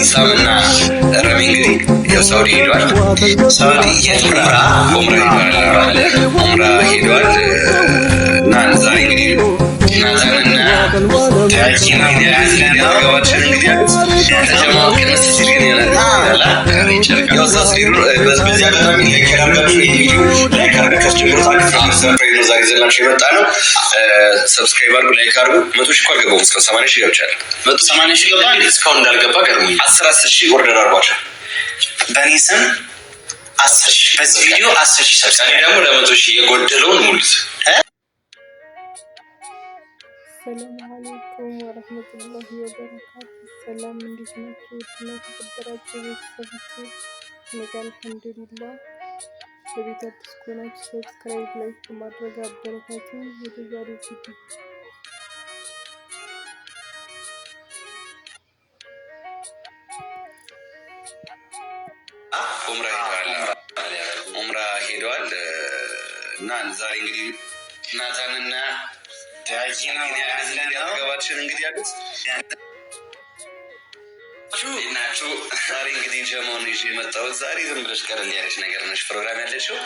ኢሳምና ረቢ እንግዲህ ያው ሳውዲ ሄዷል። ሳውዲ የት ምራ ኦምራ ሄዷል። ኦምራ ሄዷል እና ዛሬ እንግዲህ ናዛንና ታኪን ያዝለናዎችን እንግዲህ ተጀማው ቅንስ ሲሪን ያላላ ሪቸር በዚህ አጋጣሚ ላይክ ያደርጋችሁ ቪዲዮ ላይክ አድርጋችሁ ቦታ ሰርፕራይዝ ይዘናቸው የመጣ ነው። ሰብስክራይብ አርጉ፣ ላይክ አርጉ። መቶ ሺ እኮ አልገባሁም እስካሁን፣ ሰማንያ ሺ ገብቻል። መቶ ሰማንያ ሺ ገባ እስካሁን እንዳልገባ ገርሞኝ፣ አስር አስር ሺ ኦርደር አርጓቸው በእኔ ስም አስር ሺ በዚህ ቪዲዮ አስር ሺህ ሰብስክራይብ ደግሞ ለመቶ ሺ የጎደለውን ሙሉት። ሰላም አለይኩም ወረህመቱላሂ ወበረካቱ። ሰላም እንዴት ናችሁ? የተከበራችሁ ቤተሰቦች፣ እኔ ጋር አልሐምዱሊላህ ለቤት አዲስ ከሆናችሁ ሰብስክራይብ፣ ላይክ በማድረግ አበረታቱ። ወደ ዛሬው ኡምራ ሄደዋል እና ዛሬ እንግዲህ ናታንና ዳጂና ያዝለን ያገባችን እንግዲህ ያሉት ናችሁ ናችሁ። ዛሬ እንግዲህ ጀማውን ይዤ የመጣሁት ዛሬ ዝም ብለሽ ያለች ነገር ነች ፕሮግራም ያለችው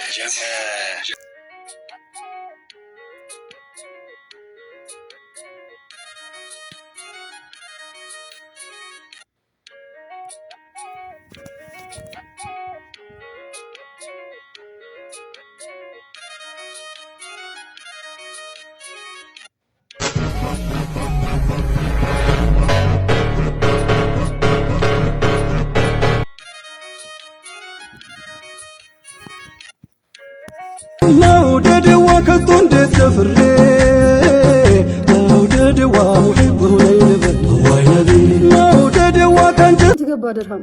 ድርሃም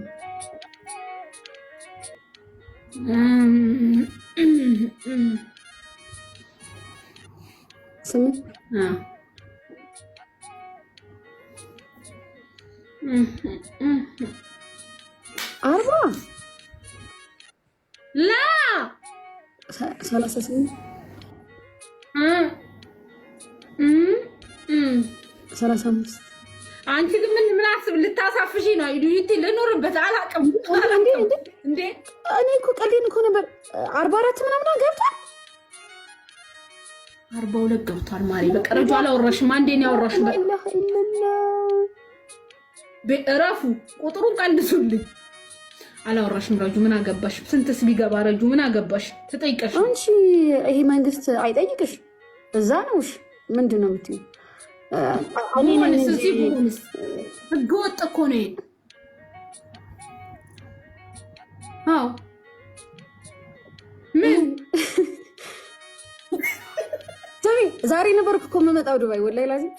ስሚ አርባ ላ ሰላሳ ስምንት ሰላሳ አምስት አንቺ ግን አላስብ ልታሳፍሽ ነው ዩቲ ልኖርበት አላቅም። እንዴ እኔ እኮ ቀልዴን እኮ ነበር። አርባ አራት ምናምን ገብቷል፣ አርባ ሁለት ገብቷል። ማሪ በቀረጁ አላወራሽም። አንዴን ያወራሽ እረፉ። ቁጥሩን ቀንሱልኝ። አላወራሽም ረጁ ምን አገባሽ? ስንትስ ቢገባ ረጁ ምን አገባሽ? ተጠይቀሽ አንቺ ይሄ መንግስት አይጠይቅሽ እዛ ነውሽ ምንድን ነው የምትይው? ሆንስ እዚህ ሆንስ ህገወጥ እኮ ነው። አዎ ምን ስሚ፣ ዛሬ ነበርኩ እኮ የምመጣው ዱባይ። ወላሂ ላዚም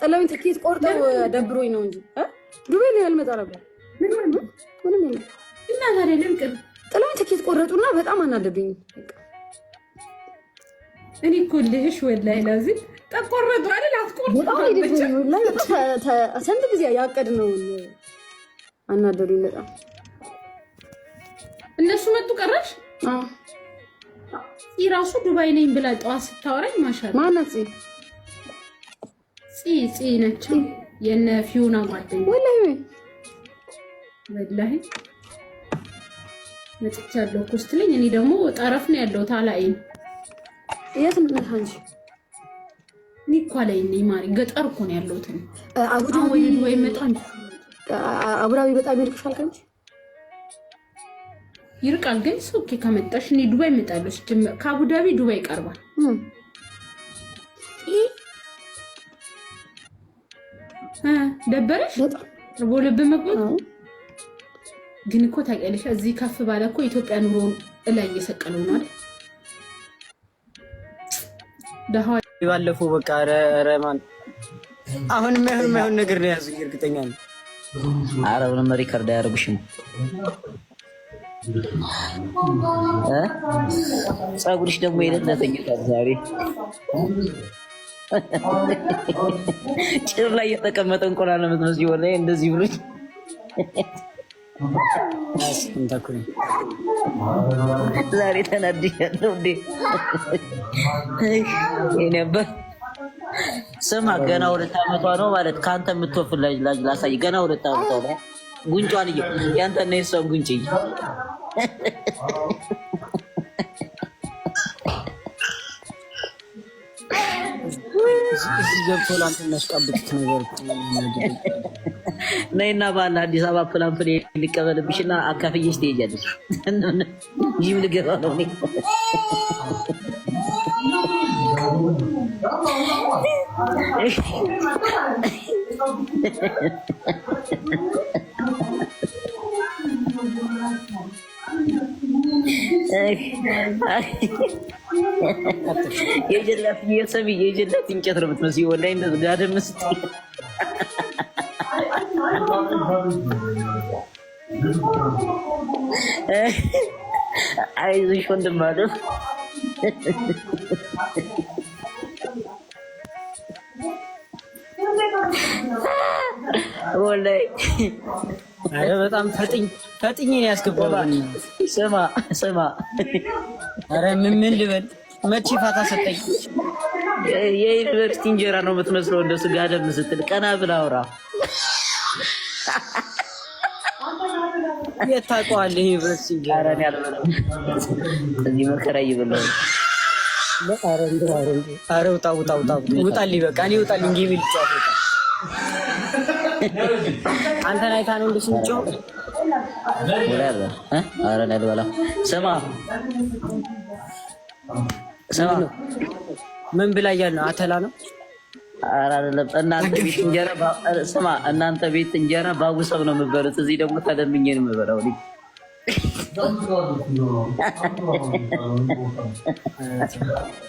ጥለውኝ ትኬት ቆርጠው ደብሮኝ ነው እንጂ ዱባይ ላይ ነበር። ምንም እና ታዲያ ትኬት ቆረጡና በጣም አናደዱኝ። እኔ እኮ ልሽ ወላሂ ጠቆር ነው አይደል? አትቆርጥ በጣም ላይ ስንት ጊዜ አናደዱ። በጣም እነሱ መጡ ቀረሽ ራሱ ዱባይ ነኝ ብላ ጠዋት ስታወራኝ ማሻል ማነት ነች የነ ፊዮና ጓደኛ ወላሂ መጥቻለሁ እኮ ስትለኝ እኔ ደግሞ ጠረፍ ነው ያለው ታላይ የት ነው አንቺ ኒኳ ላይ ማሪ ገጠር እኮ ነው አቡዳቢ በጣም ይርቅሻል። ይርቃል፣ ግን ሶኬ ከመጣሽ እኔ ዱባይ እመጣለሁ። ሲጀመር ከአቡዳቢ ዱባይ ይቀርባል። ደበረሽ ቦለብ መግባት ግን እኮ ታውቂያለሽ፣ እዚህ ከፍ ባለ እኮ ኢትዮጵያ ኑሮውን እላይ እየሰቀለው ነው አይደል? ባለፈው በቃ ኧረ አሁን የማይሆን የማይሆን ነገር ነው የያዙኝ። እርግጠኛ ነኝ። ኧረ ምንም ሪከርድ አያደርጉሽም። ፀጉርሽ ደግሞ የለለተኝ ዛሬ ጭር ላይ የተቀመጠ እንቁላል ነው የምትመስለው። እንደዚህ ብሎኝ ዛሬ ተናድጃለሁ እንዴ? ስማ፣ ገና ሁለት ዓመቷ ነው ማለት ከአንተ የምትወፍል ላጅ ላሳይ። ገና ሁለት ዓመቷ ነው። ጉንጯን እየ ያንተና የሷን ጉንጭ እየ እዚህ ገብቶ ላንተ የሚያስጣብቁት ነገር ነይና ባል አዲስ አበባ ፕላንፕል ሊቀበልብሽ ና አካፍዬሽ ትሄጃለሽ። ይህም ልገባ ነው እኔ የጀላት የሰብ የጀላት እንጨት ነው አይዞሽ ወንድም በጣም ፈጥኝ ፈጥኝ ስማ ስማ፣ ኧረ ምን ምን ልበል መቼ ፋታ ሰጠኝ። የዩኒቨርሲቲ እንጀራ ነው የምትመስለው። እንደ ስጋ ደም ስትል ቀና ብላ አውራ። የት ታውቀዋለህ? የዩኒቨርሲቲ እንጀራ እዚህ መከራ እየበላሁ ኧረ ውጣ ውጣ ውጣ ውጣልኝ፣ በቃ እኔ ውጣልኝ። ስማ ምን ብላ እያል ነው? አተላ ነው አይደለም። እናንተ ቤት እንጀራ ስማ፣ እናንተ ቤት እንጀራ ባጉሰብ ነው የምበሉት፣ እዚህ ደግሞ ተለምኜ ነው የምበላው።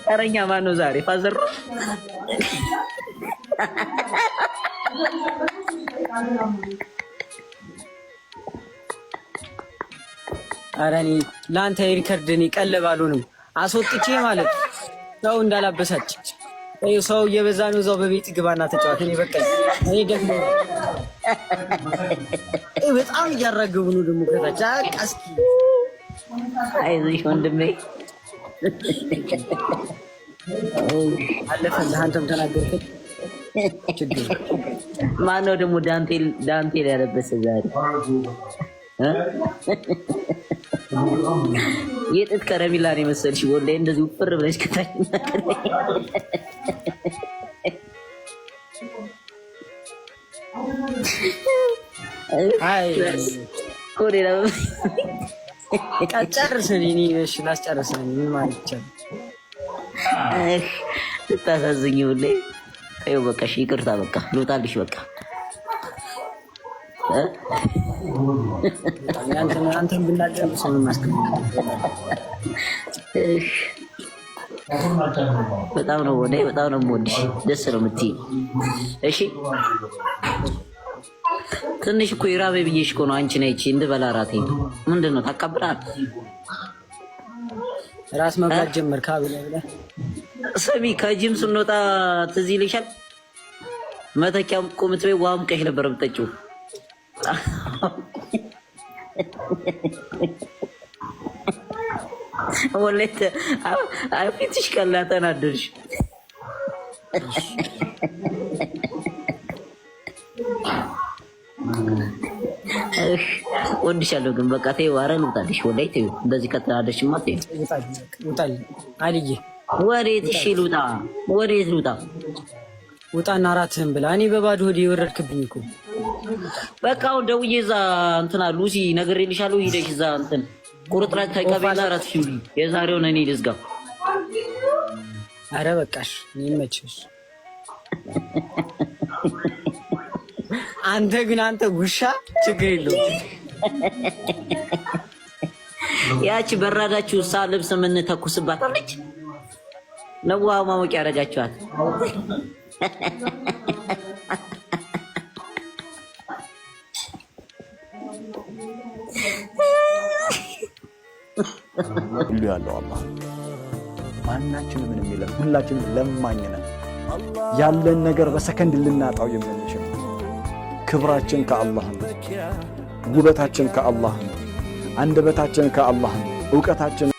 ቀረኛ ማን ነው ዛሬ? ፋዘሮ አረኒ ለአንተ የሪከርድ እኔ ቀለብ አልሆንም አስወጥቼ ማለት ሰው እንዳላበሳች ሰው እየበዛ ነው። እዛው በቤት ግባና ተጫዋት። እኔ በቃ እኔ ደግሞ በጣም እያራገቡ ነው ደግሞ ከታች አቃስ። አይዞሽ ወንድሜ አለፈ። አንተም ተናገርክት። ማነው ደግሞ ዳንቴል ዳንቴል ያለበሰ ዛሬ የጥጥ ከረሜላ ነው የመሰልሽ ወላሂ። እንደዚህ ውፍር ብለሽ ከታች ጨርሰን ምን ልታሳዝኝ ወላሂ። ይኸው በቃ ይቅርታ፣ በቃ ልውጣልሽ በቃ በጣም ነው ወደ በጣም ነው የምወድሽ። ደስ ነው የምትይኝ። እሺ ትንሽ እኮ ይራበ ብዬሽ እኮ ነው አንቺ ነች እንድበላ ራቴ ምንድን ነው ታቀብራል። ራስ መብላት ጀመር ካብለ ሰሚ ከጂም ስንወጣ ትዝ ይልሻል። መተኪያም ቁምት ውሃም ቀሽ ነበር የምጠጪው ወላሂ ፊትሽ ቀላጠ ናደርሽ ወድሻለሁ ግን በቃ ተይው። ኧረ ልውጣልሽ፣ ወላሂ ተይው። እንደዚህ ተይው። አልዬ እሺ ልውጣ፣ ልውጣ? ውጣና እራትህን ብላ። እኔ በባዶ ሆዴ የወረድክብኝ እኮ በቃ አሁን ደውዬ እዛ እንትና ሉሲ ነግሬልሻለሁ። ሂደሽ እዛ እንትን ቁርጥራጭ ተቀበይና እረፍት ይሁን። የዛሬውን እኔ ልዝጋ። አረ በቃሽ፣ ይመችሽ። አንተ ግን አንተ ጉሻ ችግር የለውም። ያቺ በራዳችሁ ሳ ልብስ ምን ተኩስባታለች? ነዋ ማሞቂያ ያረጋችኋት። ሁሉ ያለው አላህ። ማናችን ምን የለም፣ ሁላችን ለማኝ ነን። ያለን ነገር በሰከንድ ልናጣው የምንችል ክብራችን ከአላህ ነው። ውበታችን ከአላህ ነው። አንደበታችን ከአላህ ነው። እውቀታችን